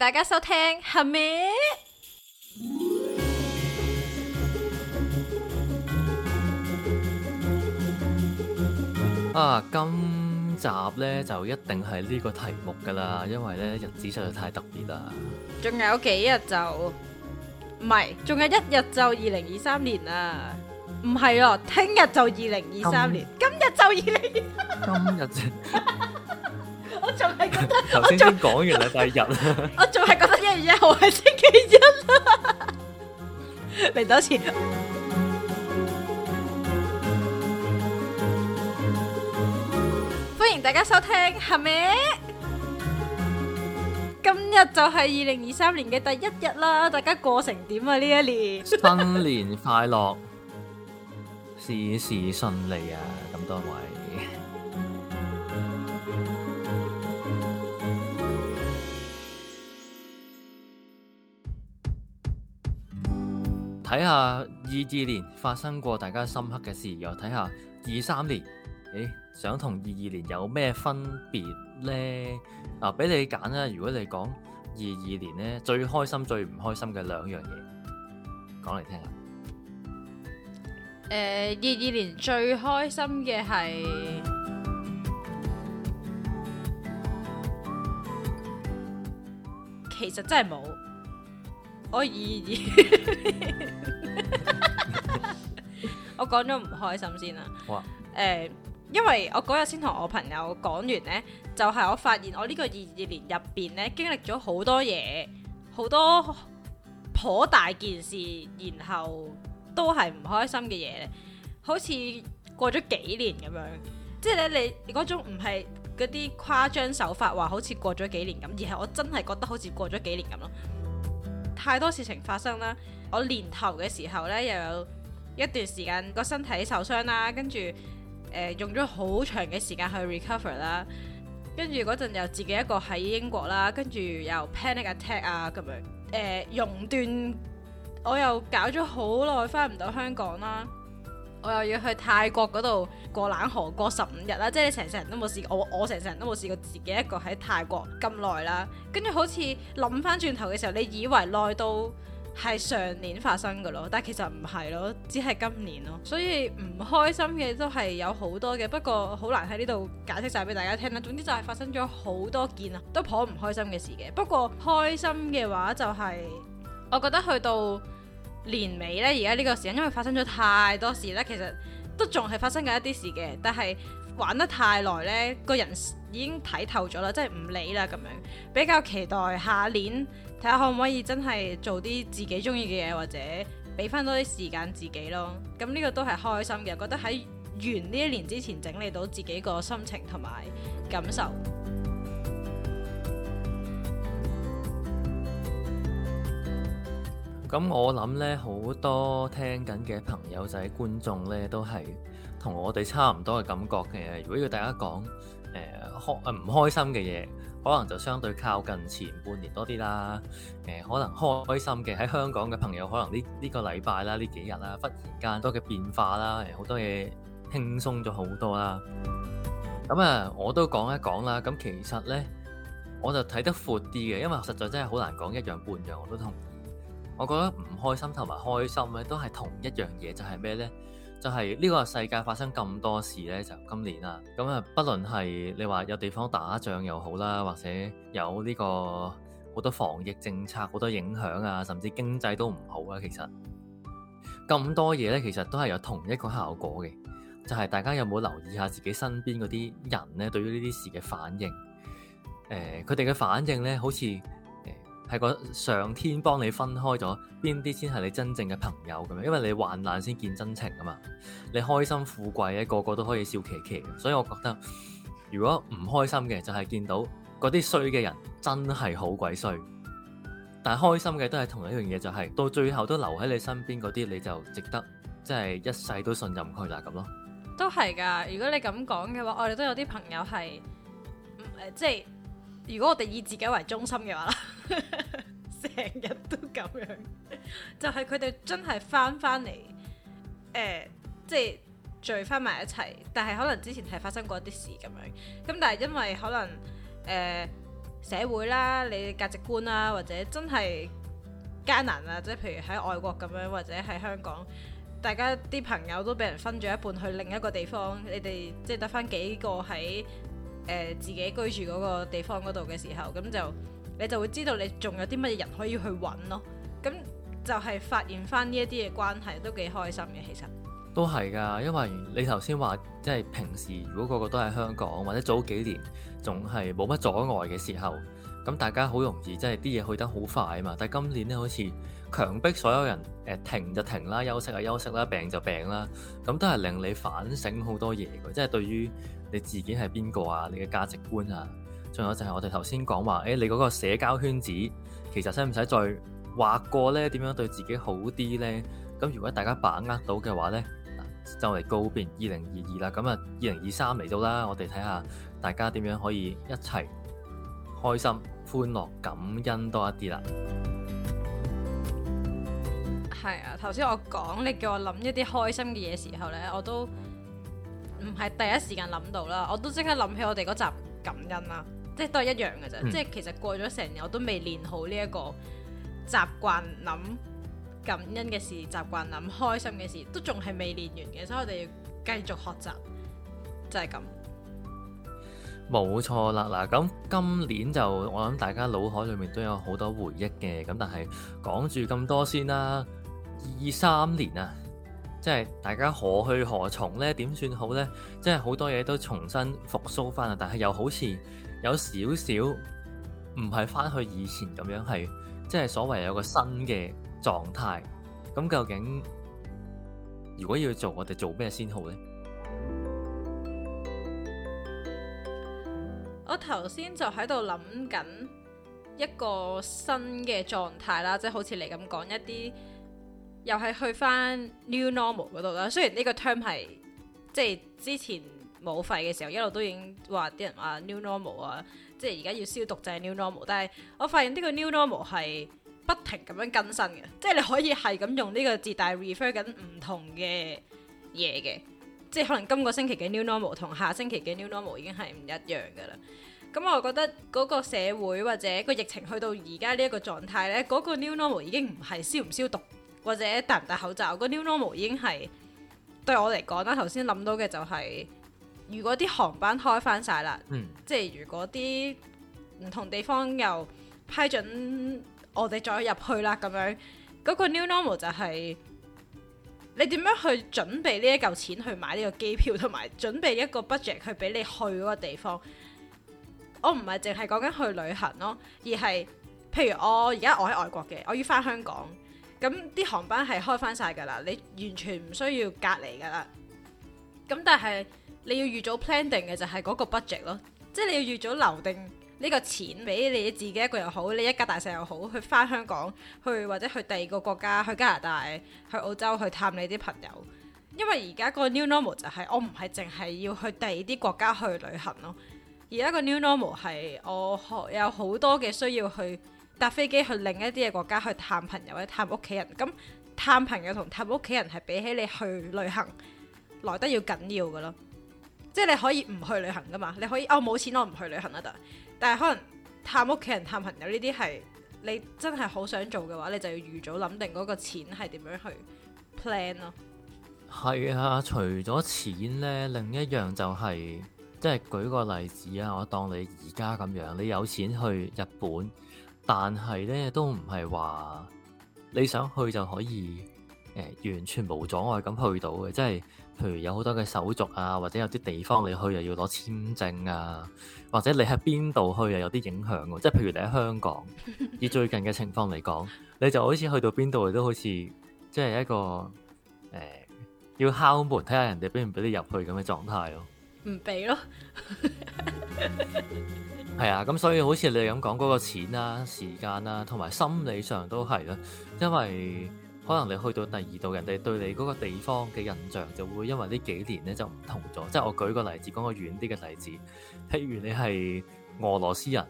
大家收聽係咩？啊，今集呢就一定係呢個題目噶啦，因為呢日子實在太特別啦。仲有幾日就唔係，仲有一日就二零二三年啦。唔係咯，聽日就二零二三年，今日就二零。今日。我仲係覺得，頭先講完禮拜日啊！我仲係覺得一月一號係星期一啊！嚟多次，歡迎大家收聽，係咪？今日就係二零二三年嘅第一日啦！大家過成點啊？呢一年新年快樂，事事順利啊！咁多位，睇下二二年發生過大家深刻嘅事，又睇下二三年，誒、欸，想同二二年有咩分別咧？嗱、啊，俾你揀啦，如果你講二二年咧，最開心最唔開心嘅兩樣嘢，講嚟聽下。誒、呃，二二年最開心嘅係，其實真係冇。我二二， 我講咗唔開心先啦哇、呃。因為我嗰日先同我朋友講完呢，就係、是、我發現我呢個二二年入邊咧，經歷咗好多嘢，好多頗大件事，然後都係唔開心嘅嘢，好似過咗幾年咁樣。即係咧，你嗰種唔係嗰啲誇張手法話好似過咗幾年咁，而係我真係覺得好似過咗幾年咁咯。太多事情發生啦！我年頭嘅時候呢，又有一段時間個身體受傷啦，跟住誒用咗好長嘅時間去 recover 啦，跟住嗰陣又自己一個喺英國啦，跟住又 panic attack 啊咁樣誒、呃、熔斷，我又搞咗好耐，返唔到香港啦。我又要去泰國嗰度過冷河過十五日啦，即係你成世人都冇試過，我我成世人都冇試過自己一個喺泰國咁耐啦。跟住、啊、好似諗翻轉頭嘅時候，你以為耐到係上年發生嘅咯，但係其實唔係咯，只係今年咯。所以唔開心嘅都係有好多嘅，不過好難喺呢度解釋晒俾大家聽啦。總之就係發生咗好多件啊，都頗唔開心嘅事嘅。不過開心嘅話就係，我覺得去到。年尾呢，而家呢個時間，因為發生咗太多事呢，其實都仲係發生緊一啲事嘅，但係玩得太耐呢，個人已經睇透咗啦，即係唔理啦咁樣。比較期待下年睇下可唔可以真係做啲自己中意嘅嘢，或者俾翻多啲時間自己咯。咁呢個都係開心嘅，覺得喺完呢一年之前整理到自己個心情同埋感受。咁我諗咧，好多聽緊嘅朋友仔、觀眾咧，都係同我哋差唔多嘅感覺嘅。如果要大家講，誒、呃、開唔開心嘅嘢，可能就相對靠近前半年多啲啦。誒、呃，可能開心嘅喺香港嘅朋友，可能呢呢、呢個禮拜啦、呢幾日啦，忽然間多嘅變化啦，好多嘢輕鬆咗好多啦。咁、嗯、啊，我都講一講啦。咁其實呢，我就睇得闊啲嘅，因為實在真係好難講一樣半樣，我都同。我覺得唔開心同埋開心咧，都係同一樣嘢，就係咩呢？就係呢個世界發生咁多事呢，就今年啊，咁啊，不論係你話有地方打仗又好啦，或者有呢個好多防疫政策好多影響啊，甚至經濟都唔好啊，其實咁多嘢呢，其實都係有同一個效果嘅，就係大家有冇留意下自己身邊嗰啲人呢？對於呢啲事嘅反應，誒，佢哋嘅反應呢，好似～係個上天幫你分開咗邊啲先係你真正嘅朋友咁樣，因為你患難先見真情㗎嘛！你開心富貴咧，個個都可以笑騎騎。所以我覺得，如果唔開心嘅就係、是、見到嗰啲衰嘅人真係好鬼衰，但係開心嘅都係同一樣嘢，就係、是、到最後都留喺你身邊嗰啲，你就值得即係、就是、一世都信任佢啦咁咯。都係㗎，如果你咁講嘅話，我哋都有啲朋友係，即係。如果我哋以自己為中心嘅話啦，成 日都咁樣， 就係佢哋真係翻翻嚟，誒、呃，即係聚翻埋一齊。但係可能之前係發生過一啲事咁樣。咁但係因為可能誒、呃、社會啦，你嘅價值觀啦，或者真係艱難啊，即係譬如喺外國咁樣，或者喺香港，大家啲朋友都俾人分咗一半去另一個地方，你哋即係得翻幾個喺。誒，自己居住嗰個地方嗰度嘅時候，咁就你就會知道你仲有啲乜嘢人可以去揾咯，咁就係發現返呢一啲嘅關係都幾開心嘅，其實都係㗎，因為你頭先話即係平時如果個個都喺香港或者早幾年仲係冇乜阻礙嘅時候，咁大家好容易即係啲嘢去得好快嘛，但係今年呢好似強迫所有人誒、呃、停就停啦，休息就休息啦，病就病啦，咁都係令你反省好多嘢嘅，即係對於。你自己係邊個啊？你嘅價值觀啊，仲有就係我哋頭先講話，誒、欸、你嗰個社交圈子，其實使唔使再劃過呢？點樣對自己好啲呢？咁如果大家把握到嘅話呢，就嚟告別二零二二啦。咁啊，二零二三嚟到啦，我哋睇下大家點樣可以一齊開心、歡樂、感恩多一啲啦。係啊，頭先我講你叫我諗一啲開心嘅嘢時候呢，我都。唔係第一時間諗到啦，我都即刻諗起我哋嗰集感恩啦，即係都係一樣嘅啫。嗯、即係其實過咗成日我都未練好呢一個習慣諗感恩嘅事，習慣諗開心嘅事，都仲係未練完嘅，所以我哋要繼續學習就係咁。冇錯啦，嗱，咁今年就我諗大家腦海裏面都有好多回憶嘅，咁但係講住咁多先啦，二三年啊。即係大家何去何從呢？點算好呢？即係好多嘢都重新復甦翻啦，但係又好似有少少唔係翻去以前咁樣，係即係所謂有個新嘅狀態。咁究竟如果要做，我哋做咩先好呢？我頭先就喺度諗緊一個新嘅狀態啦，即係好似你咁講一啲。又係去翻 new normal 嗰度啦。雖然呢個 term 係即係之前冇肺嘅時候，一路都已經話啲人話 new normal 啊，即係而家要消毒就係 new normal。但係我發現呢個 new normal 係不停咁樣更新嘅，即係你可以係咁用呢個字，但 refer 緊唔同嘅嘢嘅，即係可能今個星期嘅 new normal 同下星期嘅 new normal 已經係唔一樣嘅啦。咁我覺得嗰個社會或者個疫情去到而家呢一個狀態呢，嗰個 new normal 已經唔係消唔消毒。或者戴唔戴口罩，我覺得 new normal 已經係對我嚟講啦。頭先諗到嘅就係、是，如果啲航班開翻晒啦，嗯、即係如果啲唔同地方又批准我哋再入去啦，咁樣嗰、那個 new normal 就係、是、你點樣去準備呢一嚿錢去買呢個機票，同埋準備一個 budget 去俾你去嗰個地方。我唔係淨係講緊去旅行咯，而係譬如我而家我喺外國嘅，我要翻香港。咁啲航班係開翻晒噶啦，你完全唔需要隔離噶啦。咁但係你要預早 plan 定嘅就係嗰個 budget 咯，即係你要預早留定呢個錢俾你自己一個又好，你一家大細又好，去翻香港去，或者去第二個國家，去加拿大、去澳洲，去探你啲朋友，因為而家個 new normal 就係、是、我唔係淨係要去第二啲國家去旅行咯，而家個 new normal 係我有好多嘅需要去。搭飛機去另一啲嘅國家去探朋友咧，探屋企人。咁探朋友同探屋企人係比起你去旅行來得要緊要嘅咯。即係你可以唔去旅行噶嘛？你可以哦，冇錢，我唔去旅行啊！但係可能探屋企人、探朋友呢啲係你真係好想做嘅話，你就要預早諗定嗰個錢係點樣去 plan 咯。係啊，除咗錢呢，另一樣就係、是、即係舉個例子啊。我當你而家咁樣，你有錢去日本。但係咧，都唔係話你想去就可以，誒、呃、完全無阻礙咁去到嘅，即係譬如有好多嘅手續啊，或者有啲地方你去又要攞簽證啊，或者你喺邊度去又有啲影響嘅，即係譬如你喺香港，以最近嘅情況嚟講， 你就好似去到邊度都好似即係一個誒、呃、要敲門睇下人哋俾唔俾你入去咁嘅狀態咯，唔俾咯。係啊，咁所以好似你咁講嗰個錢啦、啊、時間啦、啊，同埋心理上都係啦，因為可能你去到第二度，人哋對你嗰個地方嘅印象就會因為呢幾年咧就唔同咗。即係我舉個例子，講個遠啲嘅例子，譬如你係俄羅斯人，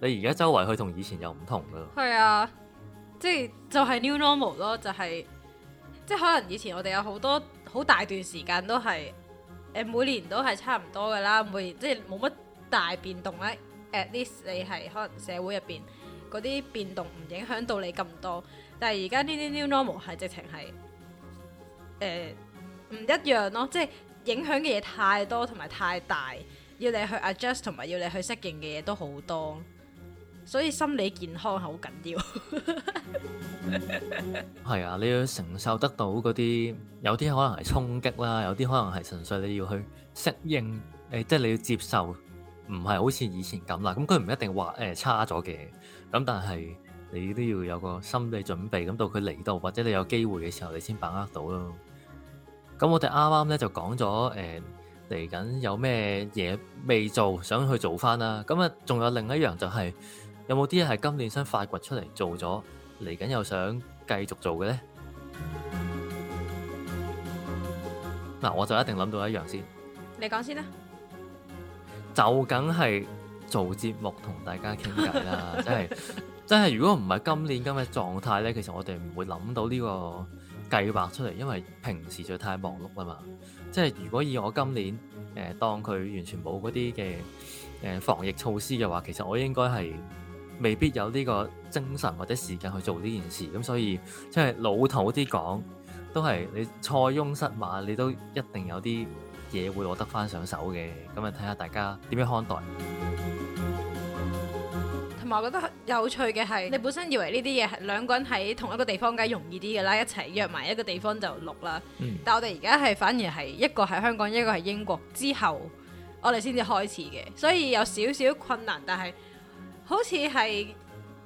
你而家周圍去同以前又唔同啦。係啊，即係就係 new normal 咯，就係、係、即係可能以前我哋有好多好大段時間都係誒每年都係差唔多㗎啦，每即係冇乜大變動咧。At least 你係可能社會入邊嗰啲變動唔影響到你咁多，但係而家呢啲 new normal 係直情係誒唔一樣咯，即係影響嘅嘢太多同埋太大，要你去 adjust 同埋要你去適應嘅嘢都好多，所以心理健康係好緊要。係 啊，你要承受得到嗰啲，有啲可能係衝擊啦，有啲可能係純粹你要去適應，誒，即係你要接受。唔係好似以前咁啦，咁佢唔一定話誒、呃、差咗嘅，咁但係你都要有個心理準備，咁到佢嚟到或者你有機會嘅時候，你先把握到咯。咁我哋啱啱咧就講咗誒嚟緊有咩嘢未做，想去做翻啦。咁啊，仲有另一樣就係、是、有冇啲係今年新發掘出嚟做咗，嚟緊又想繼續做嘅咧？嗱，我就一定諗到一樣先，你講先啦。就梗係做節目同大家傾偈啦， 真係真係。如果唔係今年咁嘅狀態呢，其實我哋唔會諗到呢個計劃出嚟，因為平時就太忙碌吖嘛。即係如果以我今年誒、呃、當佢完全冇嗰啲嘅防疫措施嘅話，其實我應該係未必有呢個精神或者時間去做呢件事。咁、嗯、所以即係老土啲講，都係你塞翁失馬，你都一定有啲。嘢會攞得返上手嘅，咁啊睇下大家點樣看待。同埋我覺得有趣嘅係，你本身以為呢啲嘢係兩個人喺同一個地方梗係容易啲嘅啦，一齊約埋一個地方就錄啦。嗯、但我哋而家係反而係一個係香港，一個係英國之後，我哋先至開始嘅，所以有少少困難，但係好似係。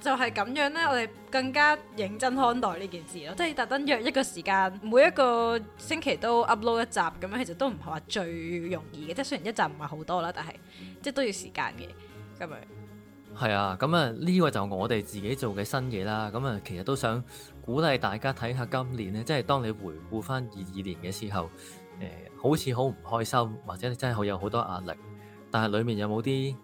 就係咁樣咧，我哋更加認真看待呢件事咯，即係特登約一個時間，每一個星期都 upload 一集咁樣，其實都唔係話最容易嘅，即係雖然一集唔係好多啦，但係即係都要時間嘅咁樣。係啊，咁啊呢個就我哋自己做嘅新嘢啦。咁啊，其實都想鼓勵大家睇下今年咧，即係當你回顧翻二二年嘅時候，誒、呃、好似好唔開心，或者你真係好有好多壓力，但係裡面有冇啲？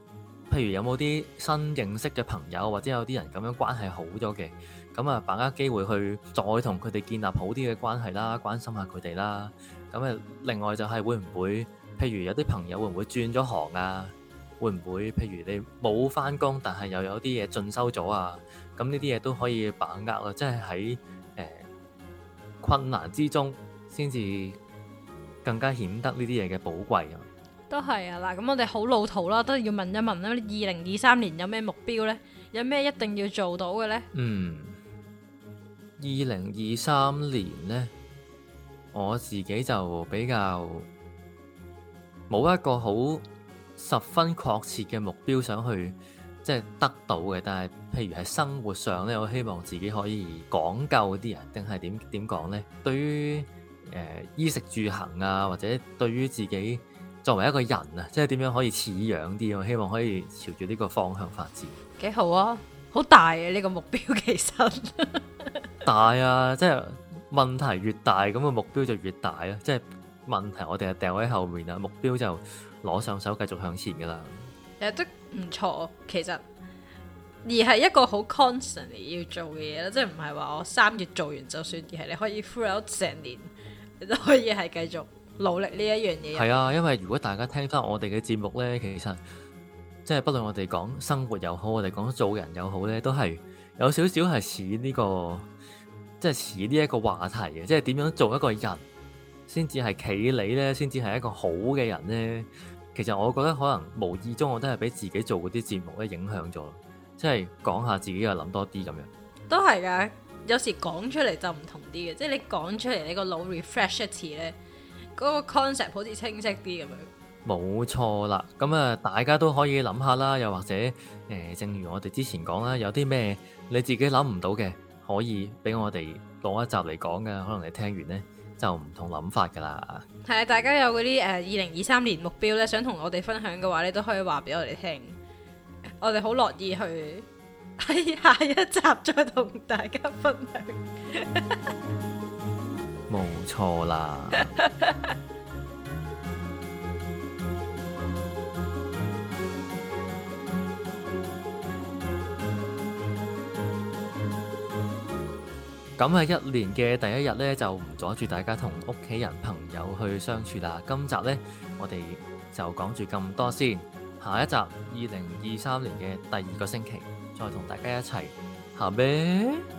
譬如有冇啲新認識嘅朋友，或者有啲人咁樣關係好咗嘅，咁啊，把握機會去再同佢哋建立好啲嘅關係啦，關心下佢哋啦。咁啊，另外就係會唔會，譬如有啲朋友會唔會轉咗行啊？會唔會，譬如你冇返工，但係又有啲嘢進修咗啊？咁呢啲嘢都可以把握啊！即係喺呃困難之中，先至更加顯得呢啲嘢嘅寶貴啊！都係啊！嗱，咁我哋好老土啦，都要問一問啦。二零二三年有咩目標呢？有咩一定要做到嘅呢？嗯，二零二三年呢，我自己就比較冇一個好十分確切嘅目標想去即係得到嘅。但係譬如喺生活上呢，我希望自己可以講究啲人，定係點點講呢？對於，呃，衣食住行啊，或者對於自己。作為一個人啊，即係點樣可以似樣啲啊？希望可以朝住呢個方向發展，幾好啊！好大啊！呢、這個目標其實 大啊！即係問題越大，咁個目標就越大啊！即係問題，我哋係掟喺後面啊，目標就攞上手，繼續向前噶啦。又都唔錯、啊，其實而係一個好 constantly 要做嘅嘢啦，即係唔係話我三月做完就算，而係你可以 follow 成年，你都可以係繼續。努力呢一樣嘢係啊，因為如果大家聽翻我哋嘅節目咧，其實即係，不論我哋講生活又好，我哋講做人又好咧，都係有少少係似呢個，即係似呢一個話題嘅，即係點樣做一個人先至係企理咧，先至係一個好嘅人咧。其實我覺得可能無意中我都係俾自己做嗰啲節目咧影響咗，即係講下自己又諗多啲咁樣都係㗎。有時講出嚟就唔同啲嘅，即係你講出嚟，你個腦 refresh 一次咧。嗰個 concept 好似清晰啲咁樣，冇錯啦。咁啊，大家都可以諗下啦。又或者，誒、呃，正如我哋之前講啦，有啲咩你自己諗唔到嘅，可以俾我哋攞一集嚟講嘅。可能你聽完呢，就唔同諗法噶啦。係啊，大家有嗰啲誒二零二三年目標咧，想同我哋分享嘅話，你都可以話俾我哋聽。我哋好樂意去喺下一集再同大家分享。 冇錯啦，咁係一年嘅第一日呢，就唔阻住大家同屋企人、朋友去相處啦。今集呢，我哋就講住咁多先，下一集二零二三年嘅第二個星期，再同大家一齊，好未？